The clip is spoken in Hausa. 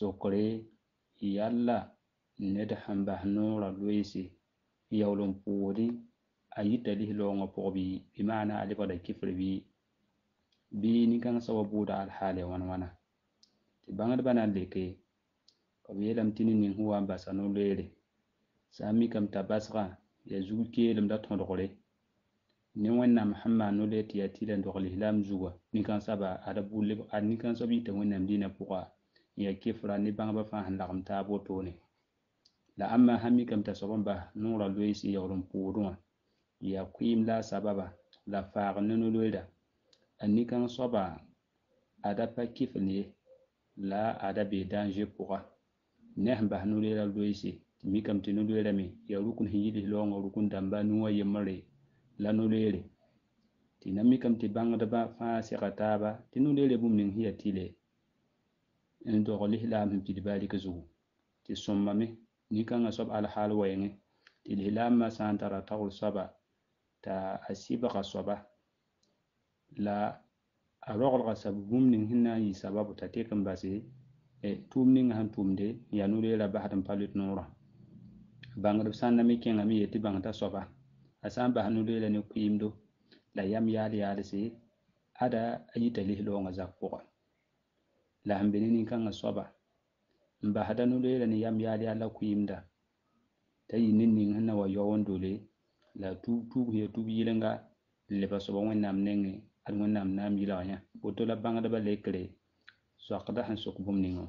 sokre yalla ne da bas noora loeese yaool n pʋʋde a yita lislɔɔngɔ pʋgẽ bɩ bɩ maana a lebgda kɩfr bɩ bi bi ni kan sababu da wãn wãna tɩ bãngdbã na n leke ka b yeelame tɩ ne ni huwa ba sanu basa sami kam tabasra ya mikame t'a basga yaa zug keelemda tõdgre ne wẽnnaam no le tiya tilan dole lam zuwa ni kan saba adabu le ni kan sabi ta wannan dina puwa ya kefra ni bãngbã ba sẽn lagem taab wotone la amma hami mikame t'a soab ba bas nongra loeese yegr n ya kuyim la sababa la faag nunu loera an nikãng soba adapa kifni pa la a da bee daan zoe pʋga ne sẽn bas nu-loeera loeese tɩ mikame tɩ nu ya rukun sẽn yɩls laoongã rukn dãmba nuwã la nu-loeere tɩ na mikame ba bãngdbã fãa ba tinu tɩ nu hiya tile n dog lislaam sẽn pid baalika zugu tɩ sõmbame nin-kãngã soab alhaal wɛɛngẽ tɩ lislaamã sã n tara tagl saba t'a a ka saba, la a roglga sab bũmb ning sẽn na n yɩ sababu t'a tek n base tʋʋm ninga sẽn tʋmde n yaa nu-reerã basd n pa lʋt noorã bãngd b sãnda me kẽngame yetɩ bãng t'a saba a sã n bas nu-reerã ne kʋɩɩmdo la yam yaal yaalse ada a yita lislaoongã zak pʋga lahambininin kaŋa soba n bahada nuleela ni yam yaal yaa la kuyimda ta yi ne niŋ sẽn na wa yaoon dole la a tuubsɩ ya tuub yɩlenga n leba soaba wẽnnaam nengẽ ad wẽnnaam na n yɩlg yã woto la bãngdbã lekre soakda sẽn sʋk bũmb ning wã